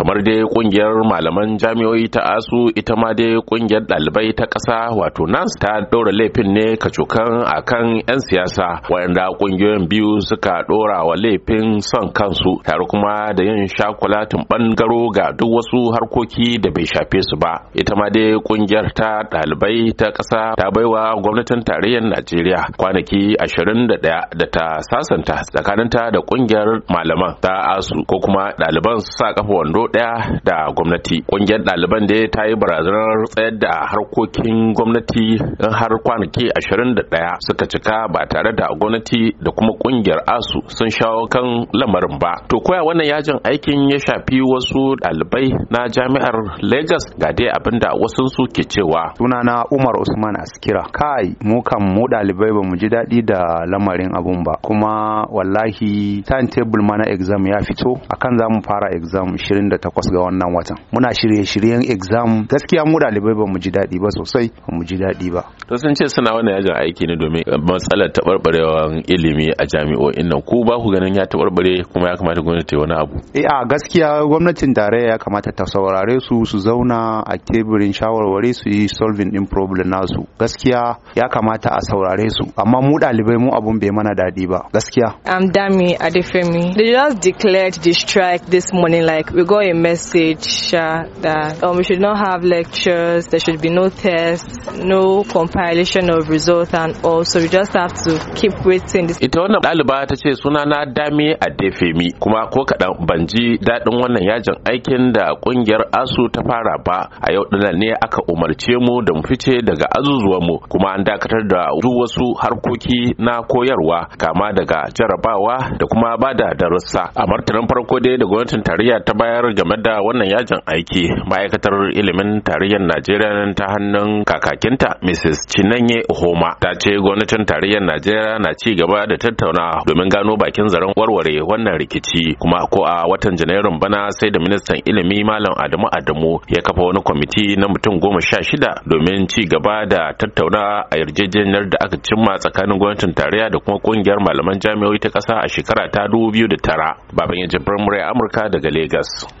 kamar dai kungiyar malaman jami'o'i ta asu ita ma dai kungiyar ɗalibai ta ƙasa wato nas ta ɗora laifin ne kacokan a kan 'yan siyasa waɗanda kungiyoyin biyu suka ɗora wa laifin son kansu tare kuma da yin shakulatin ɓangaro ga duk wasu harkoki da bai shafe su ba ita ma dai kungiyar ta ɗalibai ta ƙasa ta baiwa gwamnatin tarayyar najeriya kwanaki 21 da ta sasanta tsakaninta da kungiyar malaman ta asu ko kuma ɗaliban su sa kafa wando ɗaya da gwamnati ƙungiyar ɗaliban da ta yi barazanar tsayar da harkokin gwamnati in har kwanaki ashirin suka cika ba tare da gwamnati da kuma ƙungiyar asu sun shawo kan lamarin ba to koya wannan yajin aikin ya shafi wasu ɗalibai na jami'ar lagos ga dai abin da wasu su ke cewa sunana umar usman askira kai mu kan mu ɗalibai ba mu ji daɗi da lamarin abun ba kuma wallahi timetable mana exam ya fito akan za mu fara exam takwas ga wannan watan muna shirye-shiryen exam gaskiya mu ɗalibai ba mu ji daɗi ba sosai ba mu ji daɗi ba to sun ce suna wannan yajin aiki ne domin matsalar taɓarɓarewar ilimi a jami'o'in nan ko ba ku ganin ya taɓarɓare kuma ya kamata gwamnati wani abu eh a gaskiya gwamnatin tarayya ya kamata ta saurare su su zauna a teburin shawarwari su yi solving din problem nasu gaskiya ya kamata a saurare su amma mu ɗalibai mu abun bai mana daɗi ba gaskiya am Dami Adefemi they just declared the strike this morning like we got convey a message uh, that um, we should not have lectures, there should be no tests, no compilation of results, and also we just have to keep waiting. Ita wannan ɗaliba ta ce sunana Dami Adefemi kuma ko kaɗan ban ji daɗin wannan yajin aikin da ƙungiyar ASU ta fara ba a yau ɗinan ne aka umarce mu da mu fice daga mu kuma an dakatar da duk wasu harkoki na koyarwa kama daga jarabawa da kuma ba da darussa a martanin farko dai da gwamnatin tarayya ta bayar game da wannan yajin aiki ma'aikatar ilimin tarihin najeriya ta hannun kakakinta mrs chinanye homa ta ce gwamnatin tarihin najeriya na ci gaba da tattauna domin gano bakin zaren warware wannan rikici kuma ko a watan janairun bana sai da ministan ilimi malam adamu adamu ya kafa wani kwamiti na mutum goma sha shida domin ci gaba da tattauna a yarjejeniyar da aka cimma tsakanin gwamnatin tarayya da kuma kungiyar malaman jami'o'i ta kasa a shekara ta dubu biyu da tara. baban ya jibrin amurka daga Legas.